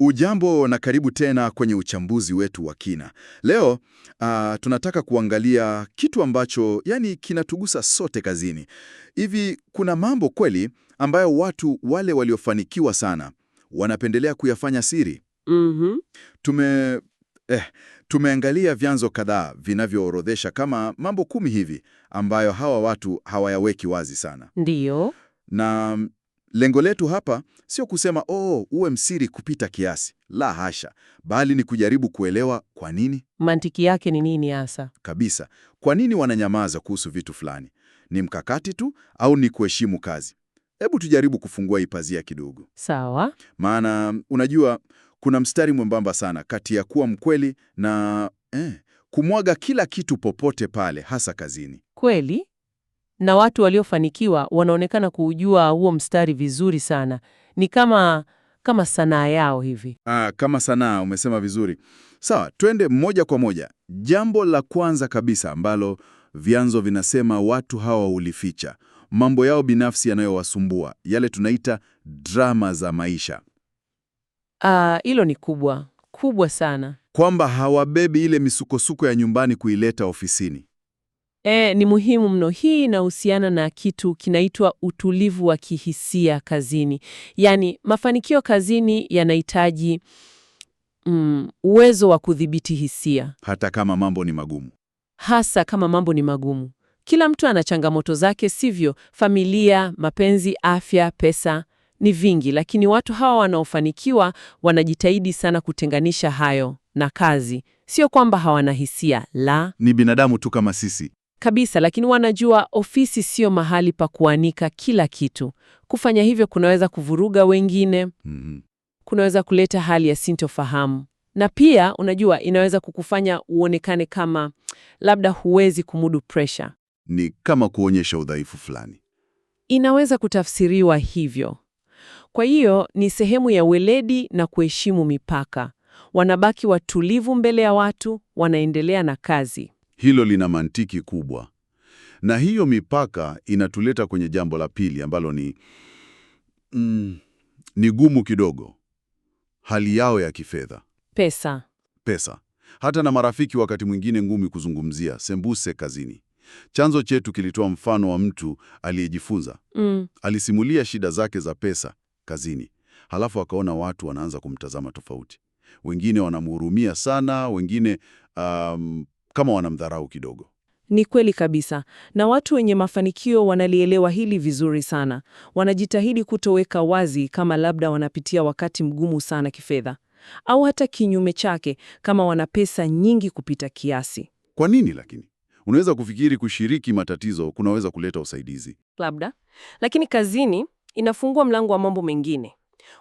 Ujambo na karibu tena kwenye uchambuzi wetu wa kina. Leo uh, tunataka kuangalia kitu ambacho yani kinatugusa sote kazini. Hivi kuna mambo kweli ambayo watu wale waliofanikiwa sana wanapendelea kuyafanya siri. Mm -hmm. Tume eh, tumeangalia vyanzo kadhaa vinavyoorodhesha kama mambo kumi hivi ambayo hawa watu hawayaweki wazi sana. Ndiyo. Na Lengo letu hapa sio kusema oh, uwe msiri kupita kiasi, la hasha, bali ni kujaribu kuelewa kwa nini. Mantiki yake ni nini hasa? Kabisa. Kwa nini wananyamaza kuhusu vitu fulani? Ni mkakati tu au ni kuheshimu kazi? Hebu tujaribu kufungua ipazia kidogo. Sawa. Maana unajua kuna mstari mwembamba sana kati ya kuwa mkweli na eh, kumwaga kila kitu popote pale, hasa kazini. Kweli, na watu waliofanikiwa wanaonekana kuujua huo mstari vizuri sana. Ni kama kama sanaa yao hivi. Aa, ah, kama sanaa, umesema vizuri. Sawa, twende moja kwa moja. Jambo la kwanza kabisa ambalo vyanzo vinasema watu hawa ulificha mambo yao binafsi yanayowasumbua, yale tunaita drama za maisha. Ah, hilo ni kubwa kubwa sana, kwamba hawabebi ile misukosuko ya nyumbani kuileta ofisini. E, ni muhimu mno. Hii inahusiana na kitu kinaitwa utulivu wa kihisia kazini. Yaani, mafanikio kazini yanahitaji mm, uwezo wa kudhibiti hisia, hata kama mambo ni magumu, hasa kama mambo ni magumu. Kila mtu ana changamoto zake, sivyo? Familia, mapenzi, afya, pesa ni vingi, lakini watu hawa wanaofanikiwa wanajitahidi sana kutenganisha hayo na kazi. Sio kwamba hawana hisia, la, ni binadamu tu kama sisi kabisa, lakini wanajua ofisi sio mahali pa kuanika kila kitu. Kufanya hivyo kunaweza kuvuruga wengine mm-hmm. kunaweza kuleta hali ya sintofahamu, na pia unajua, inaweza kukufanya uonekane kama labda huwezi kumudu pressure. Ni kama kuonyesha udhaifu fulani, inaweza kutafsiriwa hivyo. Kwa hiyo ni sehemu ya weledi na kuheshimu mipaka. Wanabaki watulivu mbele ya watu, wanaendelea na kazi. Hilo lina mantiki kubwa, na hiyo mipaka inatuleta kwenye jambo la pili ambalo ni mm, ni gumu kidogo, hali yao ya kifedha, pesa pesa, hata na marafiki wakati mwingine ngumi kuzungumzia, sembuse kazini. Chanzo chetu kilitoa mfano wa mtu aliyejifunza mm. Alisimulia shida zake za pesa kazini, halafu akaona watu wanaanza kumtazama tofauti, wengine wanamhurumia sana, wengine um, kama wanamdharau kidogo. Ni kweli kabisa, na watu wenye mafanikio wanalielewa hili vizuri sana. Wanajitahidi kutoweka wazi kama labda wanapitia wakati mgumu sana kifedha, au hata kinyume chake, kama wana pesa nyingi kupita kiasi. Kwa nini lakini? Unaweza kufikiri kushiriki matatizo kunaweza kuleta usaidizi labda, lakini kazini inafungua mlango wa mambo mengine.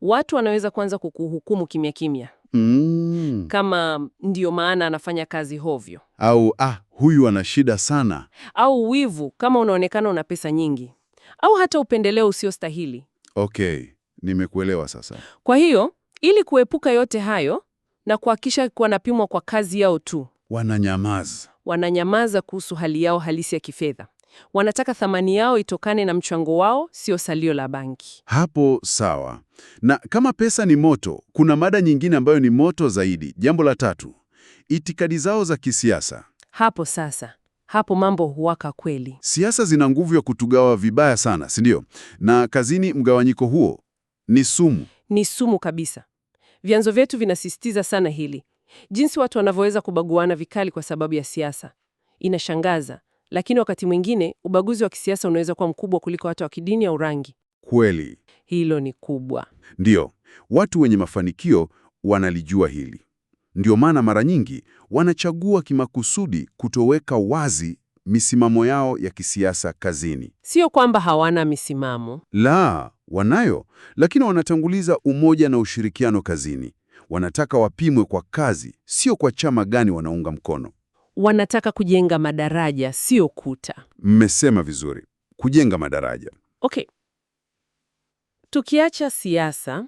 Watu wanaweza kuanza kukuhukumu kimya kimya mm. kama ndiyo maana anafanya kazi hovyo, au ah, huyu ana shida sana, au wivu kama unaonekana una pesa nyingi, au hata upendeleo usiostahili. Okay, nimekuelewa sasa. Kwa hiyo ili kuepuka yote hayo na kuhakisha wanapimwa kwa kazi yao tu, wananyamaza wananyamaza kuhusu hali yao halisi ya kifedha. Wanataka thamani yao itokane na mchango wao, sio salio la banki. Hapo sawa. Na kama pesa ni moto, kuna mada nyingine ambayo ni moto zaidi, jambo la tatu, itikadi zao za kisiasa. Hapo sasa hapo mambo huwaka kweli. Siasa zina nguvu ya kutugawa vibaya sana, si ndio? Na kazini mgawanyiko huo ni sumu, ni sumu kabisa. Vyanzo vyetu vinasisitiza sana hili, jinsi watu wanavyoweza kubaguana vikali kwa sababu ya siasa. Inashangaza, lakini wakati mwingine ubaguzi wa kisiasa unaweza kuwa mkubwa kuliko hata wa kidini au rangi. Kweli, hilo ni kubwa. Ndiyo, watu wenye mafanikio wanalijua hili. Ndio maana mara nyingi wanachagua kimakusudi kutoweka wazi misimamo yao ya kisiasa kazini. Sio kwamba hawana misimamo, la, wanayo, lakini wanatanguliza umoja na ushirikiano kazini. Wanataka wapimwe kwa kazi, sio kwa chama gani wanaunga mkono wanataka kujenga madaraja, sio kuta. Mmesema vizuri, kujenga madaraja. Okay. Tukiacha siasa,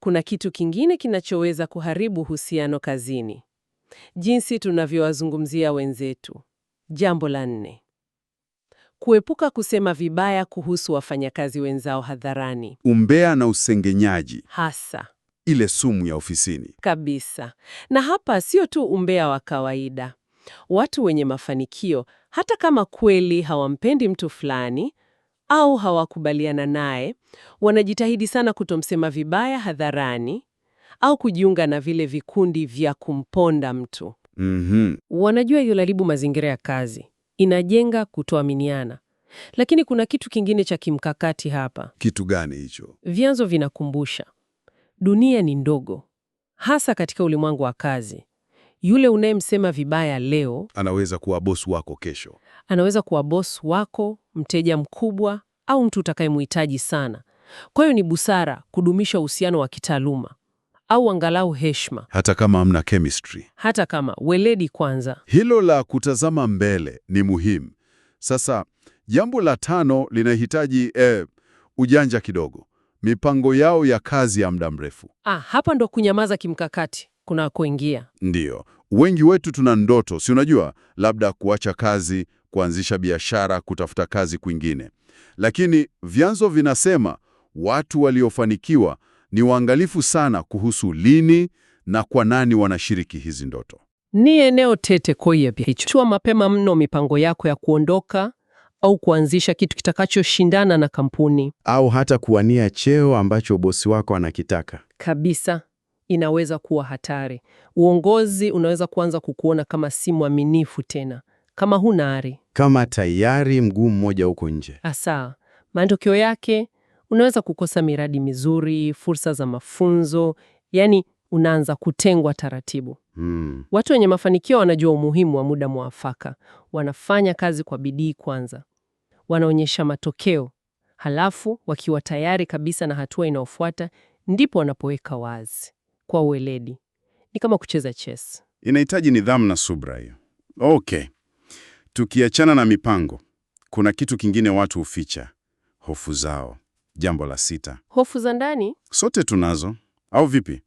kuna kitu kingine kinachoweza kuharibu uhusiano kazini, jinsi tunavyowazungumzia wenzetu. Jambo la nne, kuepuka kusema vibaya kuhusu wafanyakazi wenzao hadharani. Umbea na usengenyaji, hasa ile sumu ya ofisini kabisa. Na hapa sio tu umbea wa kawaida, watu wenye mafanikio, hata kama kweli hawampendi mtu fulani au hawakubaliana naye, wanajitahidi sana kutomsema vibaya hadharani au kujiunga na vile vikundi vya kumponda mtu. Mm -hmm. Wanajua yularibu mazingira ya kazi, inajenga kutoaminiana. Lakini kuna kitu kingine cha kimkakati hapa. Kitu gani hicho? Vyanzo vinakumbusha dunia ni ndogo, hasa katika ulimwengu wa kazi yule unayemsema vibaya leo anaweza kuwa bos wako kesho, anaweza kuwa bos wako, mteja mkubwa, au mtu utakayemhitaji sana. Kwa hiyo ni busara kudumisha uhusiano wa kitaaluma au angalau heshima, hata kama hamna chemistry, hata kama weledi kwanza. Hilo la kutazama mbele ni muhimu. Sasa jambo la tano linahitaji eh, ujanja kidogo, mipango yao ya kazi ya muda mrefu. Ah, hapa ndo kunyamaza kimkakati kuingia. Ndiyo, wengi wetu tuna ndoto, si unajua, labda kuacha kazi, kuanzisha biashara, kutafuta kazi kwingine, lakini vyanzo vinasema watu waliofanikiwa ni waangalifu sana kuhusu lini na kwa nani wanashiriki hizi ndoto. Ni eneo tete koye pia mapema mno mipango yako ya kuondoka au kuanzisha kitu kitakachoshindana na kampuni au hata kuwania cheo ambacho bosi wako anakitaka kabisa inaweza kuwa hatari. Uongozi unaweza kuanza kukuona kama si mwaminifu tena, kama huna ari, kama tayari mguu mmoja huko nje. Hasa matokeo yake unaweza kukosa miradi mizuri, fursa za mafunzo, yaani unaanza kutengwa taratibu. Hmm. Watu wenye mafanikio wanajua umuhimu wa muda mwafaka, wanafanya kazi kwa bidii kwanza, wanaonyesha matokeo, halafu wakiwa tayari kabisa na hatua inayofuata ndipo wanapoweka wazi kwa uweledi. Ni kama kucheza chess. Inahitaji nidhamu na subra hiyo. Okay. Tukiachana na mipango, kuna kitu kingine watu huficha, hofu zao. Jambo la sita, hofu za ndani. Sote tunazo, au vipi?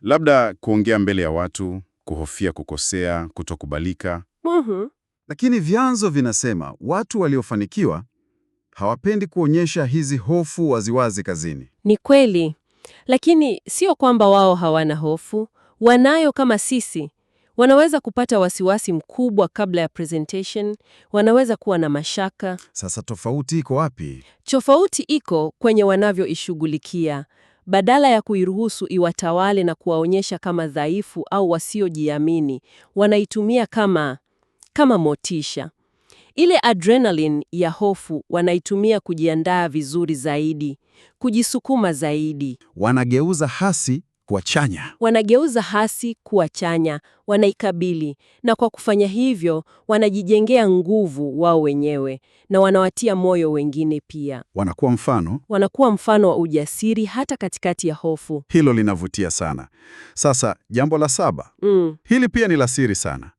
Labda kuongea mbele ya watu, kuhofia kukosea, kutokubalika. Uhum. Mm-hmm. Lakini vyanzo vinasema watu waliofanikiwa hawapendi kuonyesha hizi hofu waziwazi kazini. Ni kweli. Lakini sio kwamba wao hawana hofu, wanayo kama sisi. Wanaweza kupata wasiwasi mkubwa kabla ya presentation, wanaweza kuwa na mashaka. Sasa tofauti iko wapi? Tofauti iko kwenye wanavyoishughulikia. Badala ya kuiruhusu iwatawale na kuwaonyesha kama dhaifu au wasiojiamini, wanaitumia kama kama motisha. Ile adrenaline ya hofu wanaitumia kujiandaa vizuri zaidi, kujisukuma zaidi. Wanageuza hasi kuwa chanya, wanageuza hasi kuwa chanya, wanaikabili, na kwa kufanya hivyo wanajijengea nguvu wao wenyewe na wanawatia moyo wengine pia. Wanakuwa mfano, wanakuwa mfano wa ujasiri hata katikati ya hofu. Hilo linavutia sana. Sasa jambo la saba, mm. hili pia ni la siri sana,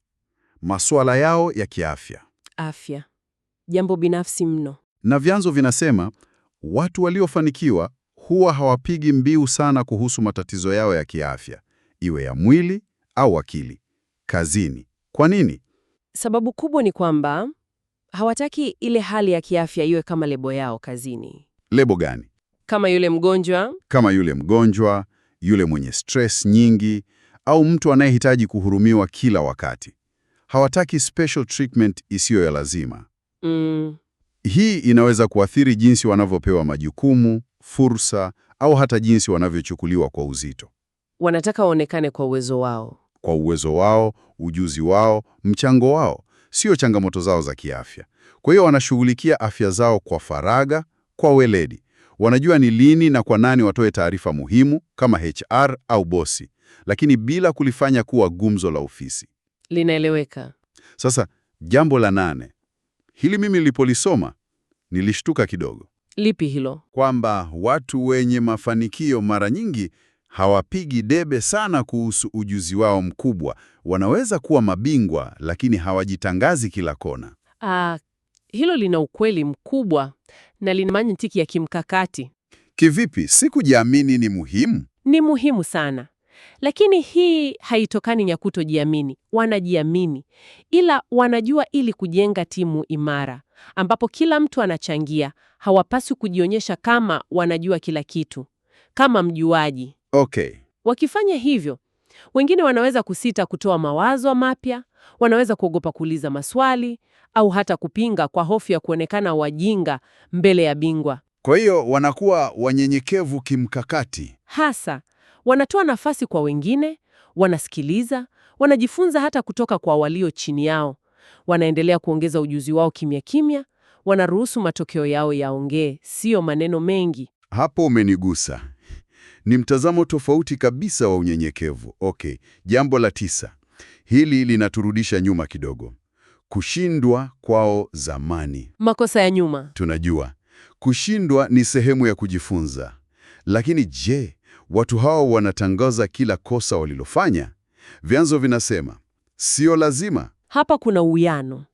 masuala yao ya kiafya, afya, jambo binafsi mno, na vyanzo vinasema Watu waliofanikiwa huwa hawapigi mbiu sana kuhusu matatizo yao ya kiafya, iwe ya mwili au akili, kazini. Kwa nini? Sababu kubwa ni kwamba hawataki ile hali ya kiafya iwe kama lebo yao kazini. Lebo gani? Kama yule mgonjwa, kama yule mgonjwa, yule mwenye stress nyingi, au mtu anayehitaji kuhurumiwa kila wakati. Hawataki special treatment isiyo ya lazima. Mm. Hii inaweza kuathiri jinsi wanavyopewa majukumu, fursa au hata jinsi wanavyochukuliwa kwa uzito. Wanataka waonekane kwa uwezo wao, kwa uwezo wao, ujuzi wao, mchango wao, sio changamoto zao za kiafya. Kwa hiyo wanashughulikia afya zao kwa faraga, kwa weledi. Wanajua ni lini na kwa nani watoe taarifa muhimu kama HR au bosi, lakini bila kulifanya kuwa gumzo la ofisi. Linaeleweka. Sasa jambo la nane, Hili mimi nilipolisoma nilishtuka kidogo. Lipi hilo? Kwamba watu wenye mafanikio mara nyingi hawapigi debe sana kuhusu ujuzi wao mkubwa. Wanaweza kuwa mabingwa, lakini hawajitangazi kila kona. Aa, ah, hilo lina ukweli mkubwa na lina mantiki ya kimkakati. Kivipi? Si kujiamini ni muhimu? Ni muhimu sana. Lakini hii haitokani ya kutojiamini, wanajiamini, ila wanajua ili kujenga timu imara ambapo kila mtu anachangia, hawapaswi kujionyesha kama wanajua kila kitu, kama mjuaji. Okay. Wakifanya hivyo, wengine wanaweza kusita kutoa mawazo mapya, wanaweza kuogopa kuuliza maswali au hata kupinga kwa hofu ya kuonekana wajinga mbele ya bingwa. Kwa hiyo wanakuwa wanyenyekevu kimkakati. Hasa Wanatoa nafasi kwa wengine, wanasikiliza, wanajifunza hata kutoka kwa walio chini yao. Wanaendelea kuongeza ujuzi wao kimya kimya, wanaruhusu matokeo yao yaongee, siyo maneno mengi. Hapo umenigusa. Ni mtazamo tofauti kabisa wa unyenyekevu. Okay, jambo la tisa. Hili linaturudisha nyuma kidogo. Kushindwa kwao zamani. Makosa ya nyuma. Tunajua kushindwa ni sehemu ya kujifunza. Lakini je, Watu hao wanatangaza kila kosa walilofanya. Vyanzo vinasema sio lazima. Hapa kuna uwiano,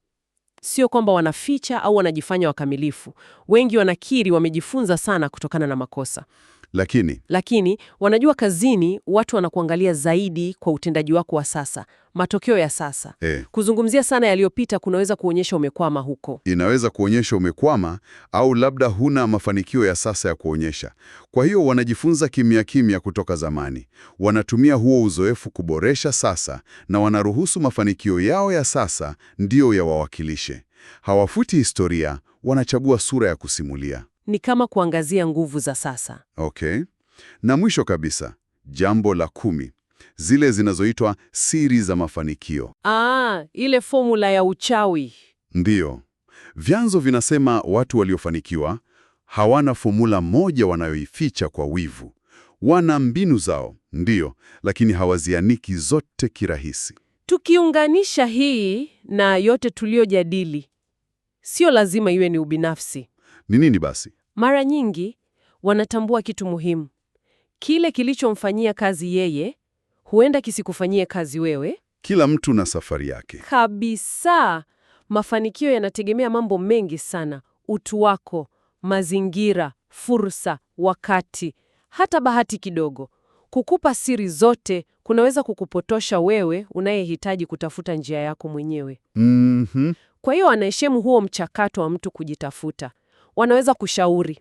sio kwamba wanaficha au wanajifanya wakamilifu. Wengi wanakiri wamejifunza sana kutokana na makosa. Lakini lakini wanajua kazini watu wanakuangalia zaidi kwa utendaji wako wa sasa, matokeo ya sasa e. Kuzungumzia sana yaliyopita kunaweza kuonyesha umekwama huko, inaweza kuonyesha umekwama au labda huna mafanikio ya sasa ya kuonyesha. Kwa hiyo wanajifunza kimya kimya kutoka zamani, wanatumia huo uzoefu kuboresha sasa, na wanaruhusu mafanikio yao ya sasa ndiyo yawawakilishe. Hawafuti historia, wanachagua sura ya kusimulia ni kama kuangazia nguvu za sasa. Okay. Na mwisho kabisa, jambo la kumi, zile zinazoitwa siri za mafanikio. Ah, ile fomula ya uchawi. Ndiyo. Vyanzo vinasema watu waliofanikiwa hawana fomula moja wanayoificha kwa wivu. Wana mbinu zao, ndiyo, lakini hawazianiki zote kirahisi. Tukiunganisha hii na yote tuliyojadili, sio lazima iwe ni ubinafsi. Ni nini basi? Mara nyingi wanatambua kitu muhimu: kile kilichomfanyia kazi yeye huenda kisikufanyie kazi wewe. Kila mtu na safari yake kabisa. Mafanikio yanategemea mambo mengi sana: utu wako, mazingira, fursa, wakati, hata bahati kidogo. Kukupa siri zote kunaweza kukupotosha wewe unayehitaji kutafuta njia yako mwenyewe. Mm -hmm. Kwa hiyo anaheshimu huo mchakato wa mtu kujitafuta wanaweza kushauri,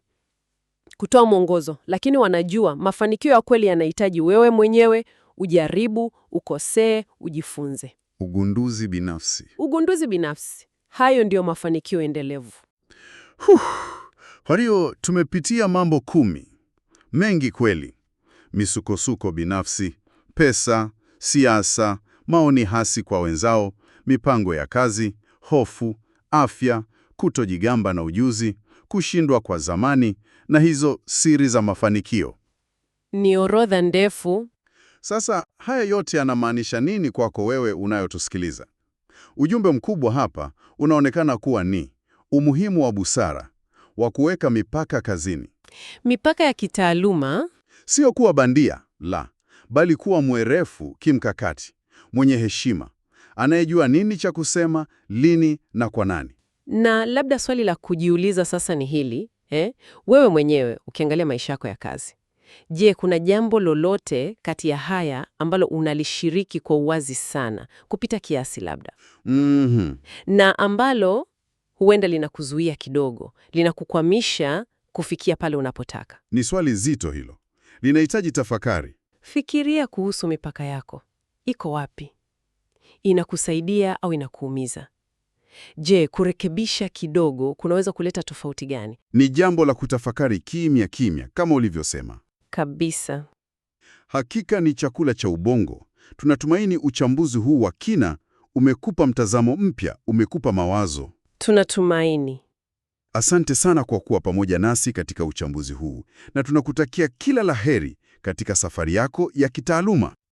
kutoa mwongozo, lakini wanajua mafanikio ya kweli yanahitaji wewe mwenyewe ujaribu, ukosee, ujifunze. Ugunduzi binafsi, ugunduzi binafsi, hayo ndiyo mafanikio endelevu. Kwa hiyo tumepitia mambo kumi mengi kweli: misukosuko binafsi, pesa, siasa, maoni hasi kwa wenzao, mipango ya kazi, hofu, afya, kutojigamba na ujuzi kushindwa kwa zamani na hizo siri za mafanikio. Ni orodha ndefu. Sasa haya yote yanamaanisha nini kwako wewe unayotusikiliza? Ujumbe mkubwa hapa unaonekana kuwa ni umuhimu wa busara wa kuweka mipaka kazini, mipaka ya kitaaluma, sio kuwa bandia la, bali kuwa mwerefu kimkakati, mwenye heshima, anayejua nini cha kusema, lini na kwa nani. Na labda swali la kujiuliza sasa ni hili eh? Wewe mwenyewe ukiangalia maisha yako ya kazi, je, kuna jambo lolote kati ya haya ambalo unalishiriki kwa uwazi sana kupita kiasi labda mm -hmm. na ambalo huenda linakuzuia kidogo, linakukwamisha kufikia pale unapotaka? Ni swali zito hilo, linahitaji tafakari. Fikiria kuhusu mipaka yako, iko wapi? Inakusaidia au inakuumiza? Je, kurekebisha kidogo kunaweza kuleta tofauti gani? Ni jambo la kutafakari kimya kimya, kama ulivyosema kabisa. Hakika ni chakula cha ubongo. Tunatumaini uchambuzi huu wa kina umekupa mtazamo mpya, umekupa mawazo. Tunatumaini. Asante sana kwa kuwa pamoja nasi katika uchambuzi huu na tunakutakia kila la heri katika safari yako ya kitaaluma.